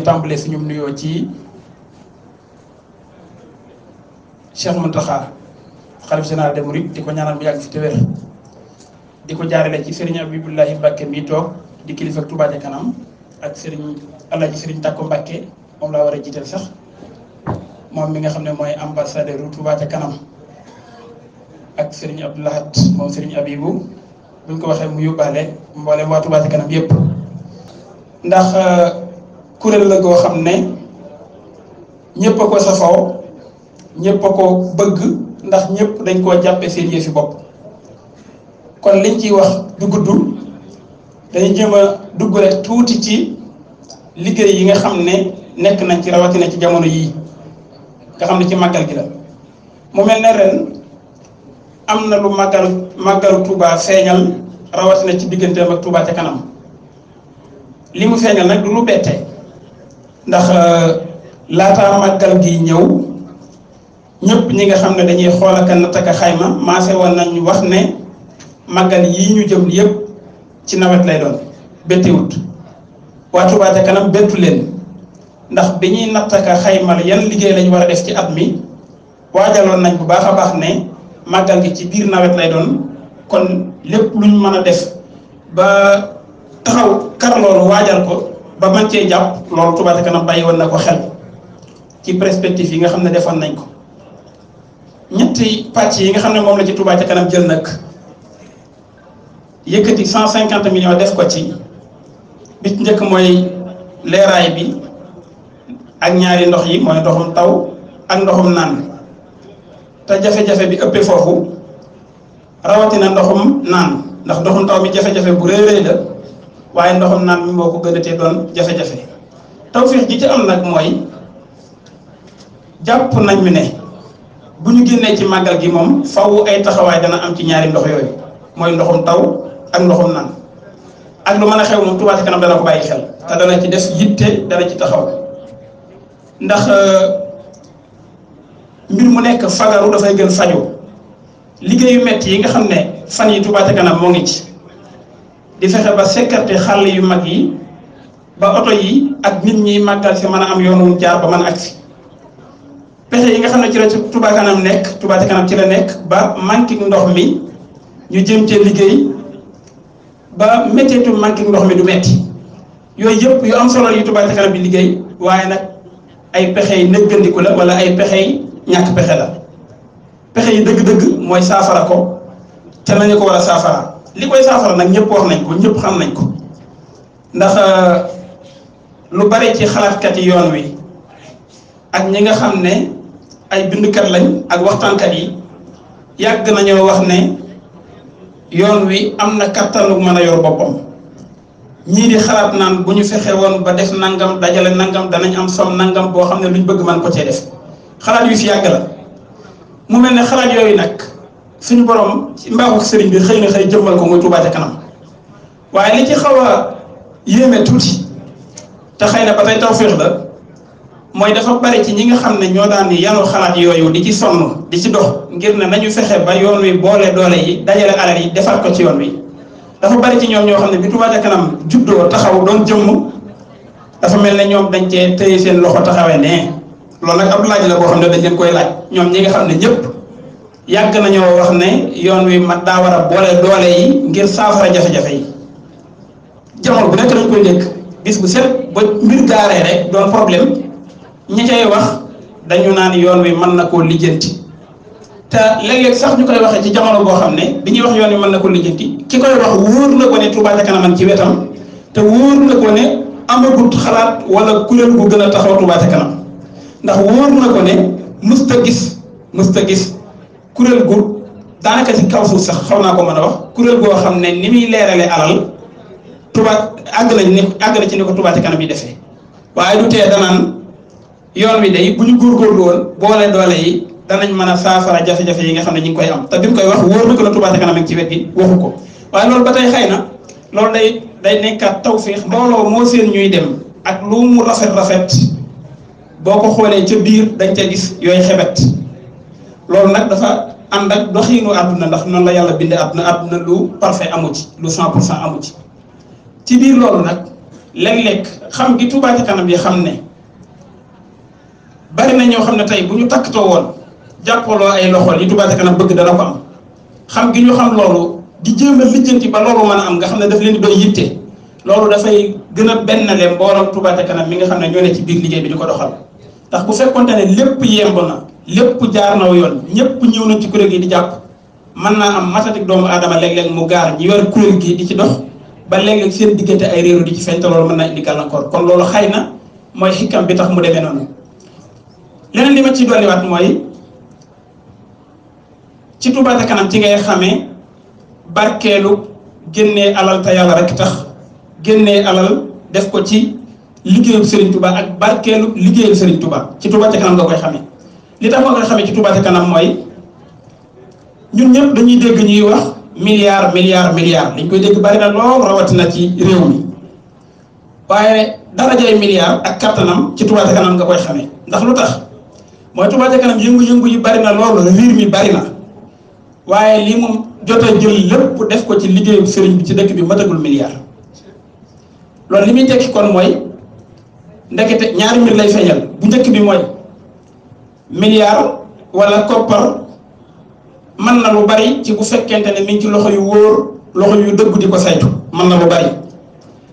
ñu tàmbalee suñu nuyoo ci Cheikh Mountakha xalif général des mourides di ko ñaanal bi yàgg fi te wér di ko jaarale ci Serigne Abibulahi Mbacke mi toog di kilifa Touba ca kanam ak sëriñ Alaaji Serigne Takko Mbacke moom laa war a jiital sax moom mi nga xam ne mooy ambassadeur ak Serigne Abdoulahat moom Serigne ko waxee mu yóbbaale mboolem waa Touba ca kanam yépp ndax. Euh, kuréel la goo xam ne ñëpp a ko safoo ñëpp a ko bëgg ndax ñëpp dañ koo jàppe seen yëfi bopp kon liñ ci wax du gudd dañu jëm a dugg rek tuuti ci liggéey yi nga xam ne nekk nañ ci rawatina ci jamono yii nga xam ne ci màggal gi la mu mel ne ren am na lu màggal màggalu Touba feeñal rawatina ci digganteem ak Touba ca kanam li mu feeñal nag du lu bettee ndax euh, laata màggal gi ñëw ñëpp ñi nga xam ne dañuy xool ak natt xayma maase woon nañu wax ne màggal yi ñu jëm yépp ci nawet lay doon bettiwut waa Touba leen ndax bi ñuy natt ak yan liggéey war a def ci at mi waajaloon nañ bu baax a baax ne màggal gi ci biir nawet lay doon kon lépp luñ mën a def ba taxaw kar waajal ko ba man cee jàpp moom Touba ca kanam bàyyi woon na ko xel ci perspective yi nga xam ne defoon nañ ko ñetti pàcc yi nga xam ne moom la ci Touba ca kanam jël nag yëkkati cent cinquante million def ko ci bi njëkk mooy leeraay bi ak ñaari ndox yi mooy ndoxum taw ak ndoxum naan te jafe-jafe bi ëppee foofu rawatina ndoxum naan ndax ndoxum taw mi jafe-jafe bu rëy rëy la. waaye ndoxum naan mi moo ko gën a doon jafe-jafe tawféex ji ci am nag mooy jàpp nañu ne bu ñu génnee ci màggal gi moom faww ay taxawaay dana am ci ñaari ndox yooyu mooy ndoxum taw ak ndoxum naan ak lu mën a xew moom Touba Kanam dana ko bàyyi xel te dana ci def yitte dana ci taxaw ndax euh, mbir mu nekk fagaru dafay gën faju liggéeyu metti yi nga xam ne san yi Touba Ca Kanam moo ngi ci di fexe ba sécurité xàll yu mag yi ba oto yi ak nit ñi màggal si mën a am yoonu jaar ba man a agsi pexe yi nga xam ne ci la Touba nekk Touba ca kanam ci la nekk ba manque ndox mi ñu jëm cee liggéey ba métteetu manque ndox mi du metti yooyu yëpp yu solo yu Touba bi liggéey waaye nag ay pexe yi nëggandiku la wala ay pexe yi ñàkk pexe la pexe yi dëgg-dëgg mooy saafara ko te nañu ko war a saafara li koy saafara nag ñëpp wax nañ ko ñëpp xam nañ ko ndax euh, lu bari ci xalaatkat yi yoon wi ak ñi nga xam ne ay bindkat lañ ak waxtaankat yi yàgg nañoo wax ne yoon wi am na kattanu mën a yor boppam ñii di xalaat naan bu ñu fexe woon ba def nangam dajale nangam danañ am sol nangam boo xam ne luñ bëgg man ko cee def xalaat yu fi yàgg la mu mel ne xalaat yooyu nag. suñu boroom ci mbaaxu sëriñ bi xëy na xëy jëmmal ko muy Touba kanam waaye li ci xaw a yéeme tuuti te xëy na ba tey tawféex la mooy dafa bari ci ñi nga xam ne ñoo daan ni yanu yooyu di ci sonn di ci dox ngir ne nañu fexe ba yoon wi boole doole yi dajale alal yi defar ci yoon wi dafa bari ci ñoom ñoo xam ne bi Touba ca kanam juddoo taxaw doon jëmm dafa mel ne ñoom dañ cee téye seen loxo taxawee ne loolu nag ab laaj la boo xam ne dañ leen koy laaj ñoom ñi nga xam ne ñëpp yàgg nañoo wax ne yoon wi mat daa war a boole doole yi ngir saafara jafe-jafe yi jamono bu nekk dañ koy dégg bis bu set ba mbir gaaree rek doon problème ñi koy wax dañu naan yoon wi mën na koo lijjanti te léeg-léeg sax ñu koy waxee ci jamono boo xam ne bi ñuy wax yoon wi mën na koo lijjanti ki koy wax wóor na ko ne Touba ca kanam ci wetam te wóor na ko ne amagut xalaat walla kuréel gu gën a taxaw Touba ca kanam ndax wóor na ko ne mësta gis mësta gis. kuréel gu daanaka ci kaw suuf sax xaw naa ko mën a wax kuréel goo xam ne ni muy leeralee alal Touba àgg nañ ni àgg na ci ni ko Touba Ca Kanam yi defee waaye du tee danaan yoon wi day bu ñu góorgóorlu woon boole doole yi danañ mën a saafara jafe-jafe yi nga xam ne ñu ngi koy am te bi mu koy wax wóor na ko la Touba Ca Kanam ak ci wet gi waxu ko waaye loolu ba tey xëy na loolu day day taw tawféex mbooloo moo seen ñuy dem ak lu mu rafet rafet boo ko xoolee ca biir dañ ca gis yooyu xebet loolu ànd ak doxiinu àdduna ndax noonu la yàlla bindee àdduna àdduna lu parfait amu ci lu 100 pour cent amu ci ci biir loolu nag léeg-léeg xam gi Touba Ca Kanam yi xam ne bari na ñoo xam ne tey bu ñu takkatoo woon jàppaloo ay loxo yi Touba Ca Kanam bëgg dana ko am xam gi ñu xam loolu di jéem a lijjanti ba mën a am nga xam ne daf leen di doy yitte loolu dafay gën a bennale mbooloo Touba Ca Kanam mi nga xam ne ñoo ne ci biir liggéey bi di ko doxal ndax bu fekkonte ne lépp yemb na. lépp jaar naw yoon ñëpp ñëw nañ ci kuréel gi di jàpp man naa am matatik doomu aadama léeg-léeg mu gaar ñi yor kuréel gi di ci dox ba léeg-léeg seen diggante ay réeru di ci feeñ te loolu mën naa indi gàllankoor kon loolu xay na mooy xikkam bi tax mu demee noonu leneen li ma ciy dolliwaat mooy ci Touba ca kanam ci ngay xamee barkeelu génnee alal te yàlla rek tax génnee alal def ko ci liggéeyub Serigne Touba ak barkeelu liggéeyub Serigne Touba ci Touba ca kanam nga koy xamee. li tax ma koy xamee ci Touba kanam mooy ñun ñëpp dañuy dégg ñuy wax milliard milliard milliard dañ koy dégg bari na rawatina ci réew mi waaye darajay milliard ak kattanam ci Touba kanam nga koy xamee ndax lu tax mooy Touba ca kanam yëngu-yëngu yi bari na lool riir mi bari na waaye lii moom jot a jël lépp def ko ci liggéeyu sëriñ bi ci dëkk bi matagul milliard loolu li muy tekki kon mooy ndekete ñaari mbir lay feeñal bu njëkk bi mooy. milliard wala koppar mën na lu bari ci bu fekkente ne mi ngi ci loxo yu wóor loxo yu dëgg di ko saytu mën na lu bari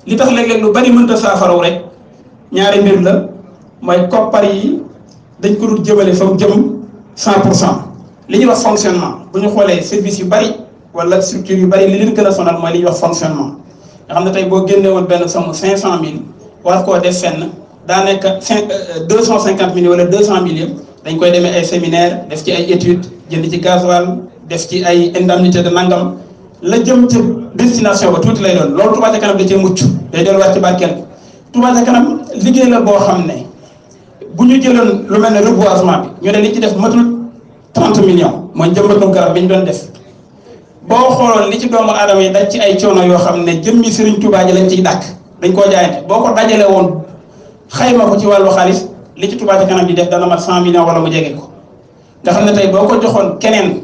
li tax léeg-léeg lu bari mënta saafaraw rek ñaari mbir la mooy koppar yi dañ ko dul jëmale fa jëm cent pour cent li ñu wax fonctionnement bu ñu xoolee service yu bari wala structure yu bari li leen gën a mooy li ñuy wax fonctionnement nga xam ne tey boo génne woon benn somme cinq cent mille war koo def fenn daa nekk cinq euh, deux cent cinquante mille wala deux dañ koy demee ay séminaire def ci ay étude jënd ci gasoil def ci ay indemnité de nangam la jëm ci destination ba tuuti lay doon loolu Touba ca kanam da cee mucc day delluwaat ci barkeel bi Touba ca kanam liggéey la boo xam ne bu ñu jëloon lu mel ne reboisement bi ñu ne li ci def matul 30 millions mooy jëmbatug garab bi ñu doon def boo xooloon li ci doomu aadama yi daj ci ay coono yoo xam ne jëmmi Serigne Touba ji lañ ciy dàkk dañ koo jaayante boo ko dajale woon xayma ci wàllu xaalis li ci Touba kanam di def dana mat 100 millions wala mu jege ko nga xam ne tey boo ko joxoon keneen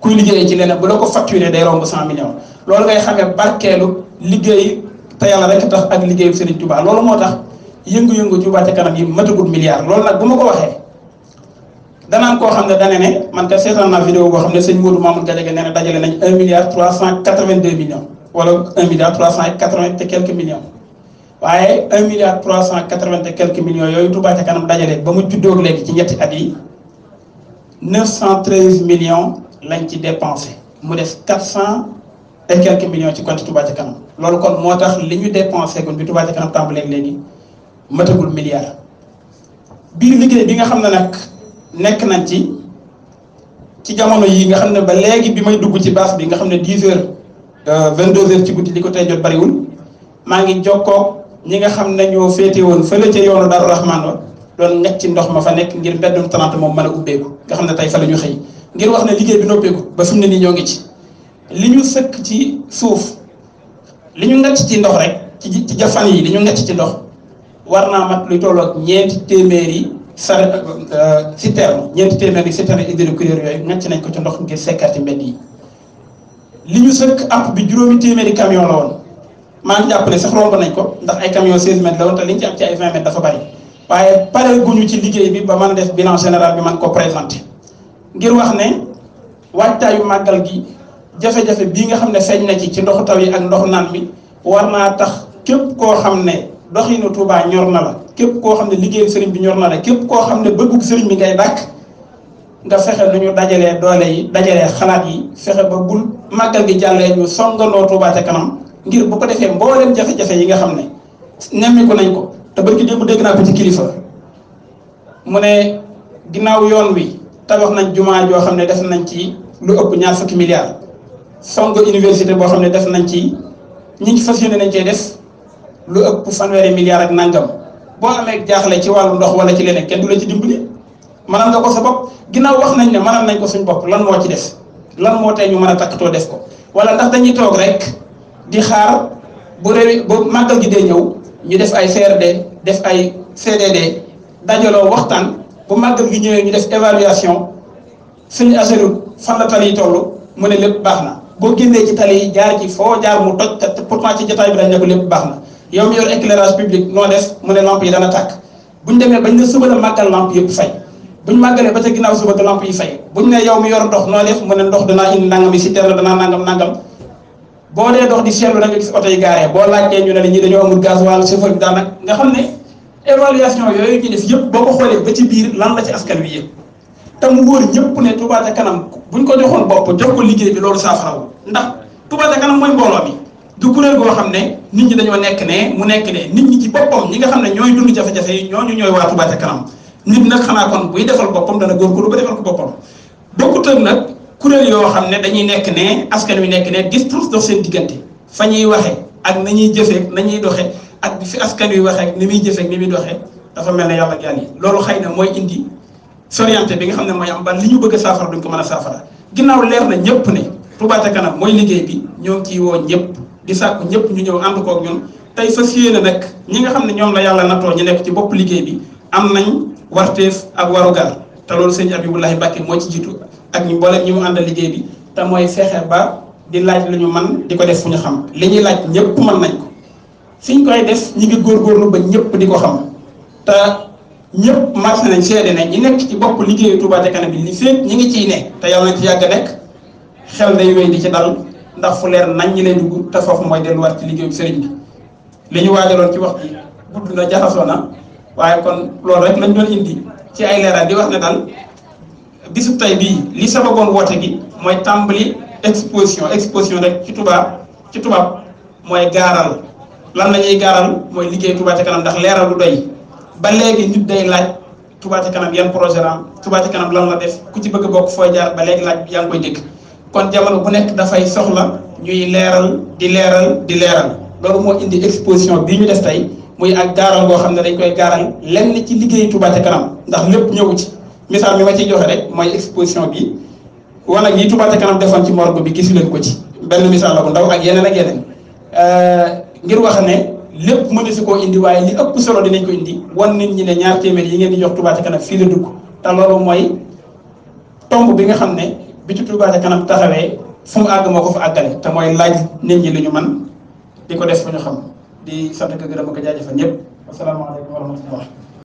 kuy liggéeyee ci leneen bu la ko facturé day romb 100 millions loolu ngay xamee barkeelu liggéey te yàlla rek tax ak liggéeyu Serigne Touba loolu moo tax yëngu-yëngu Touba ca kanam yi matagul milliard loolu nag bu ma ko waxee danaan koo xam ne dane ne man kat seetaan naa vidéo boo xam ne sëñ Modou Mamour Gadiaga nee na dajale nañ 1 milliard 382 millions wala 1 milliard 380 et waaye un milliard trois cent quatre-vingt et quelques yooyu Touba a kanam dajale ba mu juddóog léegi ci ñetti at yi neuf cent treize millions lañ ci dépensé mu des quatre cent et quelques millions ci compte Touba ca kanam loolu kon moo tax li ñu dépensé gun bi Touba a kanam tàmbalee léegi matagul milliard bii liggéey bi nga xam ne nag nekk nañ ci ci jamono yi nga xam ne ba léegi bi may dugg ci baas bi nga xam ne dix heures euh, vingt deux heures ci guddi li ko tey jot bariwul maa ngi jokkoo ñi nga xam ne ñoo féete woon fële ca yoonu Daaru Rahmaan wa doon ngacc ci ndox ma fa nekk ngir mbeddum 30 moom mën a ubbeeku nga xam ne tey fa la ñu xëy ngir wax ne liggéey bi noppeeku ba fi mu ne nii ñoo ngi ci li ñu sëkk ci suuf li ñu ngacc ci ndox rek ci ci jafan yi li ñu ngacc ci ndox war naa mat lu tolloog ñeenti téeméer yi sare euh, citerne ñeenti téeméer yi citerne hydraulique yooyu ngacc nañ ko ci ndox ngir sekkaati mbedd yi li ñu sëkk app bi juróomi téeméeri camion la woon maa ngi jàpp ne sax romb nañ ko ndax ay camion 16 mètres la woon te liñ ci am ci ay 20 mètres dafa bari waaye pareel guñu ci liggéey bi ba mën a def bilan général bi man ko présenté ngir wax ne waajtaayu màggal gi jafe-jafe bii nga xam ne feeñ na ci ci ndoxu taw yi ak ndoxu naan bi war naa tax képp koo xam ne doxinu tuubaa ñor na la képp koo xam ne liggéeyu sëriñ bi ñor na la képp koo xam ne bëggug sëriñ bi ngay dàkk nga fexe nu ñu dajalee doole yi dajalee xalaat yi fexe ba bul màggal gi jàllee ñu songandoo Touba ca kanam ngir bu ko defee mbooleem jafe-jafe yi nga xam ne nemmiku nañ ko te barki démb dégg naa ko ci kilifa mu ne ginnaaw yoon wi tabax nañ jumaa joo xam ne def nañ ci lu ëpp ñaar fukki milliards song université boo xam ne def nañ ci ñi ngi fas yéene nañ cee des lu ëpp fanweeri milliards ak nangam boo amee jaaxle ci wàllu ndox wala ci leneen kenn du la ci dimbali mënal nga ko sa bopp ginnaaw wax nañ ne mënal nañ ko suñ bopp lan moo ci des lan moo tey ñu mën a takk too def ko wala ndax dañuy toog rek. di xaar bu réew ba màggal gi dee ñëw ñu def ay CRD def ay CDD dajaloo waxtaan bu màggal gi ñëwee ñu def évaluation suñu assainir fan la tali yi mu ne lépp baax na boo génnee ci tali yi jaar ci foo jaar mu toj ci jotaay bi dañ ne ko lépp baax na yow mi yor éclairage public noo def mu ne lamp yi dana tàkk bu ñu demee bañ ne suba la màggal lamp fay. bu ñu màggalee ba ca ginnaaw suba ga yi fay bu ñu ne yow mi yor ndox noo def mu ne ndox d indi nangam yi si terre danaa nangam nangam. boo dee dox di seetlu da nga gis oto yi boo laajtee ñu ne la ñi dañoo amul gaz wàll chauffeur bi daanaka nga xam ne évaluation yooyu ñu def yëpp boo ko xoolee ba ci biir lan la ci askan wi yëpp te mu wóor ñëpp ne Touba ca kanam buñ ko joxoon bopp jox ko liggéey bi loolu saafarawu ndax Touba ca kanam mooy mbooloo bi du kuréel goo xam ne nit ñi dañoo nekk ne mu nekk ne nit ñi ci boppam ñi nga xam ne ñooy dund jafe-jafe yi ñooñu ñooy waa Touba ca kanam nit nag defal boppam dana góorgóorlu ba defal ko boppam bokkut ak nag kuréel yoo ne dañuy nekk ne askan wi nekk ne gis pour dox seen diggante fa ñuy na ñuy jëfee na ñuy doxe ak fi askan wi waxe ni muy jëfee ni muy doxe dafa mel ne yàlla ak yi loolu xay na mooy indi soriante bi nga xam ne mooy am ban li ñu bëgg a saafara ko mën a saafara leer na ñëpp ne Touba Ca Kanam mooy liggéey bi ñoo ngi ciy woo ñëpp di sàkku ñëpp ñu ñëw ànd koog ñun tey fas yéene nag ñi nga xam ne ñoom la yàlla natoo ñu nekk ci bopp liggéey bi am nañ warteef ak warugar te loolu sëñ Abibulahi Mbàkke moo ci jiitu ak ñu mboolem ñi mu a liggéey bi te mooy fexe ba di laaj lañu man di ko def fu ñu xam li ñuy laaj ñëpp man nañ ko fiñ koy def ñu ngi góorgóorlu ba ñëpp di ko xam te ñëpp marché nañ seede ne ñi nekk ci bopp liggéeyu Touba Ca Kanam bi li fépp ñi ngi ciy ne te yow nañ ci yàgg nekk xel day wéy di ci dal ndax fu leer nañ ñi leen dugg te foofu mooy delluwaat ci liggéeyu sëriñ bi li ñu waajaloon ci wax bi gudd na jaxasoo na waaye kon loolu rek lañ doon indi ci ay leeral di wax ne daal bisu tay bii li sababoon woote gi mooy tàmbali exposition exposition rek ci tubaab ci tubaab mooy gaaral lan la ñuy gaaral mooy liggéey Touba ca kanam ndax leeral ba léegi nit day laaj Touba ca kanam yan projet la am Touba ku ci bëgg bokk fooy jaar léegi laaj bi yaa ngi kon jamono bu nekk dafay soxla ñuy leeral di leeral di leeral loolu moo indi exposition bii ñu def tey muy ak gaaral boo xam ne dañ koy gaaral lenn ci liggéey Touba ca kanam ndax lépp ñëwu ci. misaal mi ma ciy joxe rek mooy exposition bi wala yi Touba ca kanam defoon ci morgue bi gis leen ko ci benn misaal la bu ndaw ak yeneen ak yeneen euh, ngir wax ne lépp mënu si koo indi waaye li ëpp solo dinañ ko indi wan nit ñi ne ñaar téeméer yi ngeen di jox Touba ca kanam fii la dugg te loolu mooy tomb bi nga xam ne bi ci Touba ca kanam taxawee fu mu àgg moo ko fa àggale te mooy laaj nit ñi li ñu man di ko def fu ñu xam di sant ko gërëm ko jaajëfal ñëpp asalaamaaleykum wa